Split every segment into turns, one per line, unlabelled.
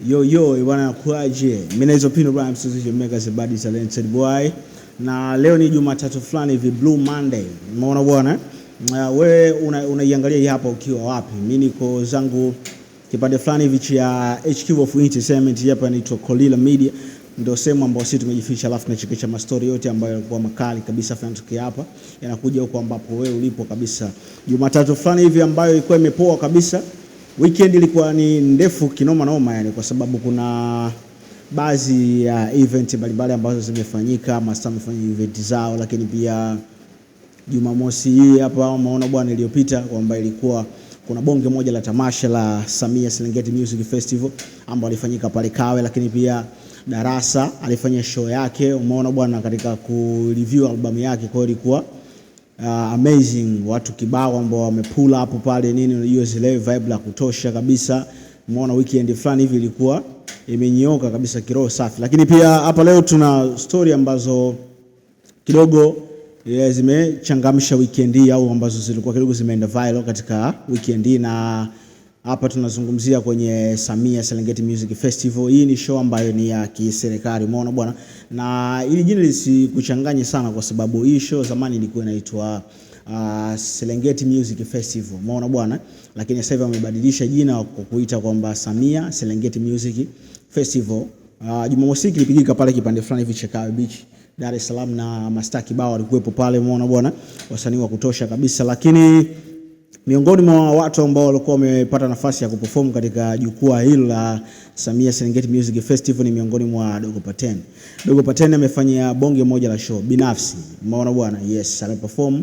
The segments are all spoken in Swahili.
Yo yo bwana, kuaje? Mimi naitwa Pino Brian, msizishi mega sebadi talented boy, na leo ni Jumatatu fulani hivi, blue Monday, umeona bwana. Uh, wewe unaiangalia una hapa ukiwa wapi? Mimi niko zangu kipande fulani hivi cha HQ of Entertainment hapa, inaitwa Kolila Media, ndio sehemu ambayo sisi tumejificha, alafu tunachekesha mastori yote ambayo yalikuwa makali kabisa fanatokea hapa, yanakuja huko ambapo wewe ulipo kabisa. Jumatatu fulani hivi ambayo ilikuwa imepoa kabisa Weekend ilikuwa ni ndefu kinoma noma, yani kwa sababu kuna baadhi ya uh, event mbalimbali ambazo zimefanyika, masta amefanya event zao, lakini pia Jumamosi hii hapa umeona bwana iliyopita kwamba ilikuwa kuna bonge moja la tamasha la Samia Serengeti Music Festival ambao alifanyika pale Kawe, lakini pia Darasa alifanya show yake, umeona bwana, katika ku review albamu yake, kwa hiyo ilikuwa uh, amazing watu kibao ambao wamepula hapo pale nini, unajua zile vibe la kutosha kabisa. Umeona weekend fulani hivi ilikuwa imenyoka kabisa kiroho safi, lakini pia hapa leo tuna story ambazo kidogo yeah, zimechangamsha weekend hii au ambazo zilikuwa kidogo zimeenda viral katika weekend hii na hapa tunazungumzia kwenye Samia Serengeti Music Festival. Hii ni show ambayo ni ya kiserikali, umeona bwana, na ili jina lisikuchanganye sana, kwa sababu hii show zamani ilikuwa inaitwa uh, Serengeti Music Festival, umeona bwana, lakini sasa hivi wamebadilisha jina kwa kuita kwamba Samia Serengeti Music Festival. Uh, Jumamosi kilipigika pale kipande fulani hivi cha Kawe Beach Dar es Salaam, na mastaa kibao walikuwepo pale, umeona bwana, wasanii wa kutosha kabisa, lakini Miongoni mwa watu ambao walikuwa wamepata nafasi ya kuperform katika jukwaa hilo la Samia Serengeti Music Festival ni miongoni mwa Dogo Paten. Dogo Paten amefanyia bonge moja la show binafsi. Umeona bwana? Yes, ameperform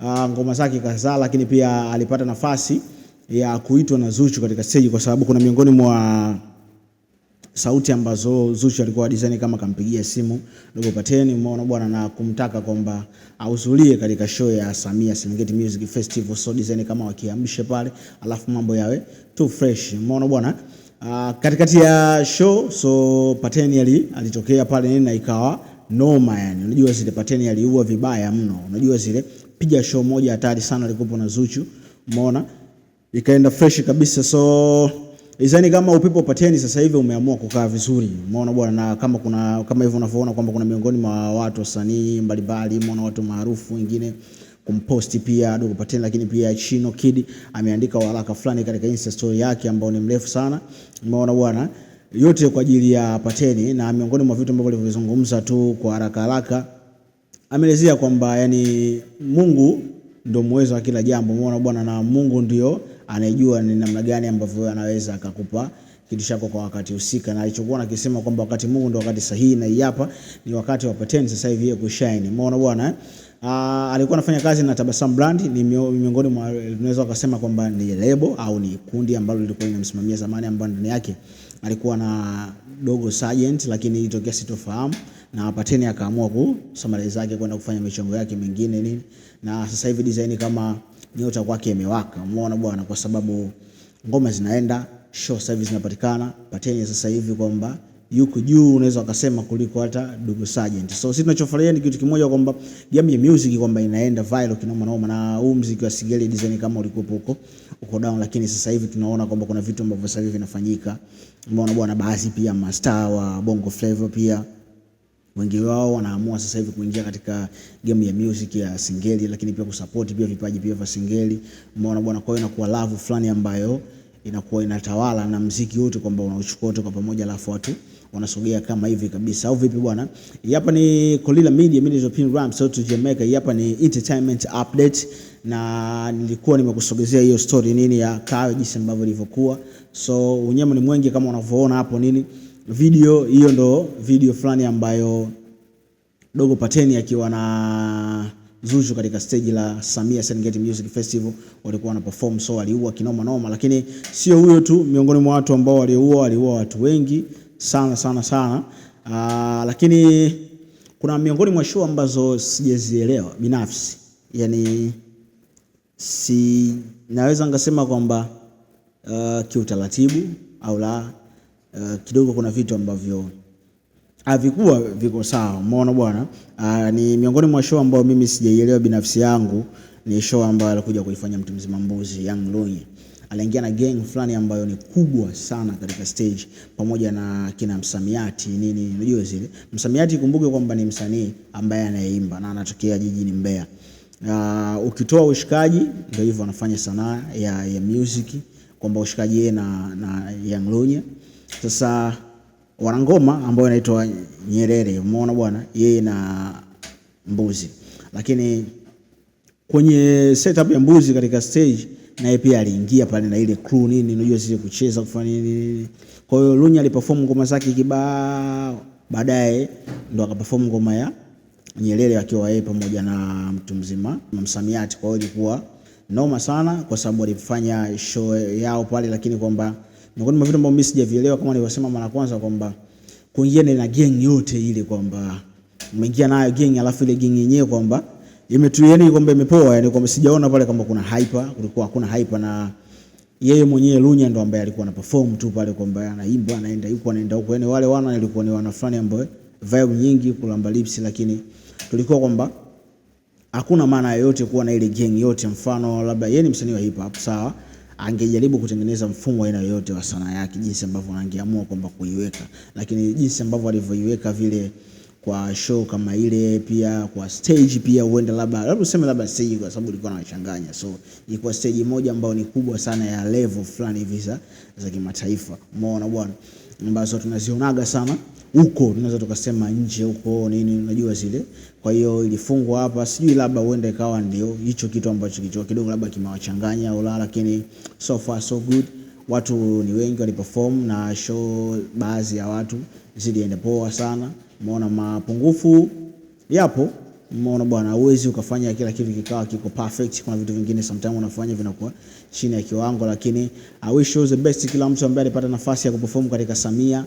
uh, ngoma zake kadhaa, lakini pia alipata nafasi ya kuitwa na Zuchu katika stage kwa sababu kuna miongoni mwa sauti ambazo Zuchu alikuwa design kama kampigia simu ndugu Pateni, umeona bwana, na kumtaka kwamba auzulie katika show ya Samia Serengeti Music Festival. So design kama wakiamshe pale, alafu mambo yawe too fresh, umeona bwana. Uh, katikati ya show so Pateni ali, alitokea pale nini na ikawa noma yani. Unajua zile Pateni aliua vibaya mno. Unajua zile piga show moja hatari sana alikupo na Zuchu. Umeona? Ikaenda fresh kabisa so Izani kama upepo pateni sasa hivi umeamua kukaa vizuri. Umeona bwana na kama kuna kama hivyo unavyoona kwamba kuna miongoni mwa watu wasanii mbalimbali, umeona watu maarufu wengine kumposti pia Dogo Pateni, lakini pia Chino Kid ameandika waraka fulani katika Insta story yake ambao ni mrefu sana. Umeona bwana, yote kwa ajili ya Pateni na miongoni mwa vitu ambavyo alivyozungumza tu kwa haraka haraka ameelezea kwamba yani Mungu ndio muwezo wa kila jambo. Umeona bwana, na Mungu ndio anajua ni namna gani ambavyo anaweza akakupa kitu chako kwa wakati husika, na alichokuwa anakisema kwamba wakati Mungu ndio wakati sahihi, na hapa ni wakati wa Pateni sasa hivi yeye kushine. Umeona bwana eh? Uh, alikuwa anafanya kazi na Tabasam Brand, ni miongoni mwa tunaweza kusema kwamba ni lebo au ni kundi ambalo lilikuwa linamsimamia zamani, ambapo ndani yake alikuwa na dogo Sergeant, lakini ilitokea sitofahamu na Pateni akaamua kusamaliza zake kwenda kufanya michongo yake mingine nini, na sasa hivi design kama nyota kwake imewaka, umeona bwana, kwa sababu ngoma zinaenda, show sasa hivi zinapatikana. patenye sasa hivi kwamba yuko juu, unaweza ukasema kuliko hata Dugu Sergeant. So sisi tunachofurahia ni kitu kimoja, kwamba game ya music kwamba inaenda viral kinoma noma, na huu muziki wa Sigeli design kama ulikuwa huko uko down, lakini sasa hivi tunaona kwamba kuna vitu ambavyo sasa hivi vinafanyika, umeona bwana, baadhi pia mastaa wa Bongo Flava pia wengi wao wanaamua sasa hivi kuingia katika game ya music ya singeli, lakini pia kusupport pia vipaji pia vya singeli. Umeona bwana, kwa hiyo inakuwa love fulani ambayo inakuwa inatawala na mziki wote kwamba unauchukua wote kwa pamoja, alafu watu wanasogea kama hivi kabisa, au vipi bwana? Hapa ni Kolila Media, mimi ni Pin Ram South Jamaica. Hapa ni entertainment update, na nilikuwa nimekusogezea hiyo story nini ya Kawe, jinsi ambavyo ilivyokuwa. So unyama ni mwingi kama unavyoona hapo nini video hiyo, ndo video fulani ambayo Dogo Pateni akiwa na Zuchu katika stage la Samia Serengeti Music Festival walikuwa wana perform, so aliua kinoma noma. Lakini sio huyo tu, miongoni mwa watu ambao waliua, waliua watu wengi sana sana sana. Aa, ah, lakini kuna miongoni mwa show ambazo sijazielewa binafsi, yani si naweza ngasema kwamba uh, kiutaratibu au la uh, kidogo kuna vitu ambavyo havikuwa viko sawa, umeona bwana. Uh, ni miongoni mwa show ambayo mimi sijaielewa binafsi yangu. Ni show ambayo alikuja kuifanya mtu mzima mbuzi Young Luny, aliingia na gang fulani ambayo ni kubwa sana katika stage, pamoja na kina msamiati nini, unajua zile msamiati. Kumbuke kwamba ni msanii ambaye anayeimba na anatokea jijini Mbeya. Uh, ukitoa ushikaji ndio hivyo, anafanya sanaa ya, ya music kwamba ushikaji yeye na, na Young Luny sasa wanangoma ambao inaitwa Nyerere, umeona bwana, yeye na Mbuzi. Lakini kwenye setup ya Mbuzi katika stage naye pia aliingia pale na ile crew nini, unajua sisi kucheza kufanya nini. Kwa hiyo Lunya aliperform ngoma zake kibao, baadaye ndo akaperform ngoma ya Nyerere akiwa yeye pamoja na mtu mzima na msamiati. Kwa hiyo ilikuwa noma sana, kwa sababu walifanya show yao pale, lakini kwamba miongoni mwa vitu ambavyo mimi sijavielewa kama nilivyosema mara kwanza kwamba kuingia na gang yote ile kwamba umeingia nayo gang alafu ile gang yenyewe kwamba imetueni kwamba imepoa, yani kwamba sijaona pale kama kuna hyper, kulikuwa hakuna hyper na yeye mwenyewe Lunya ndo ambaye alikuwa anaperform tu pale kwamba anaimba anaenda yuko anaenda huko, yani wale wana walikuwa ni wana fulani ambao vibe nyingi kulamba lips, lakini tulikuwa kwamba hakuna maana yoyote kuwa na ile gang yote. Mfano labda yeye ni msanii wa hip hop sawa angejaribu kutengeneza mfumo wa aina yoyote wa sanaa yake, jinsi ambavyo angeamua kwamba kuiweka, lakini jinsi ambavyo alivyoiweka vile kwa show kama ile, pia kwa stage pia, huenda labda labda useme labda stage, kwa sababu ilikuwa nachanganya so kwa stage moja ambayo ni kubwa sana ya level fulani hivi za kimataifa, umeona bwana, ambazo tunazionaga sana huko tunaweza tukasema nje huko nini, unajua zile. Kwa hiyo ilifungwa hapa, sijui labda huenda ikawa ndio hicho kitu ambacho kichwa kidogo labda kimewachanganya au la, lakini so far so good. Watu ni wengi waliperform na show, baadhi ya watu zilienda poa sana. Umeona mapungufu yapo, umeona bwana, uwezi ukafanya kila kitu kikawa kiko perfect. Kuna vitu vingine sometimes unafanya vinakuwa chini ya kiwango, lakini I wish you the best. Kila mtu ambaye alipata nafasi ya kuperform katika Samia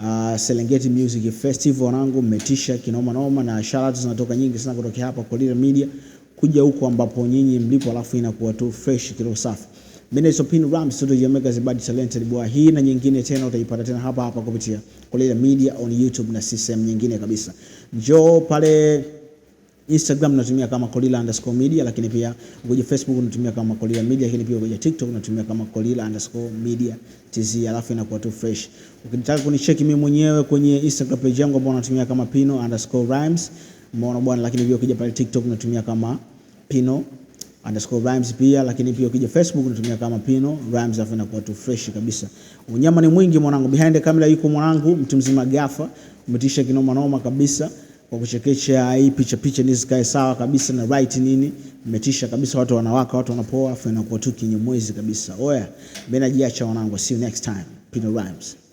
Uh, Serengeti Music Festival wanangu, mmetisha kinoma noma, na shout zinatoka nyingi sana kutoka hapa Lira Media kuja huko ambapo nyinyi mlipo, alafu inakuwa tu fresh kilo safi. Mimi ni Ram, studio Mega Zibadi talented boy. Hii na nyingine tena utaipata tena hapa hapa kupitia Lira Media on YouTube na system nyingine kabisa. Njoo pale Instagram natumia kama Kolila underscore media, lakini pia kwenye Facebook natumia kama Kolila media, lakini pia kwenye TikTok natumia kama Kolila underscore media tz, alafu inakuwa tu fresh. Ukitaka kunicheki mimi mwenyewe kwenye Instagram page yangu ambayo natumia kama Pino underscore rhymes, umeona bwana, lakini pia ukija pale TikTok natumia kama Pino underscore rhymes pia, lakini pia ukija Facebook natumia kama Pino rhymes, alafu inakuwa tu fresh kabisa. Unyama ni mwingi mwanangu, behind the camera yuko mwanangu mtu mzima gafa, umetisha kinoma noma kabisa kwa kuchekecha hii picha picha ni zikae sawa kabisa na right nini, metisha kabisa, watu wanawaka, watu wanapoa, afu inakuwa tu kinyemwezi kabisa. Oya, mimi najiacha wanangu, see you next time. Pino Rhymes.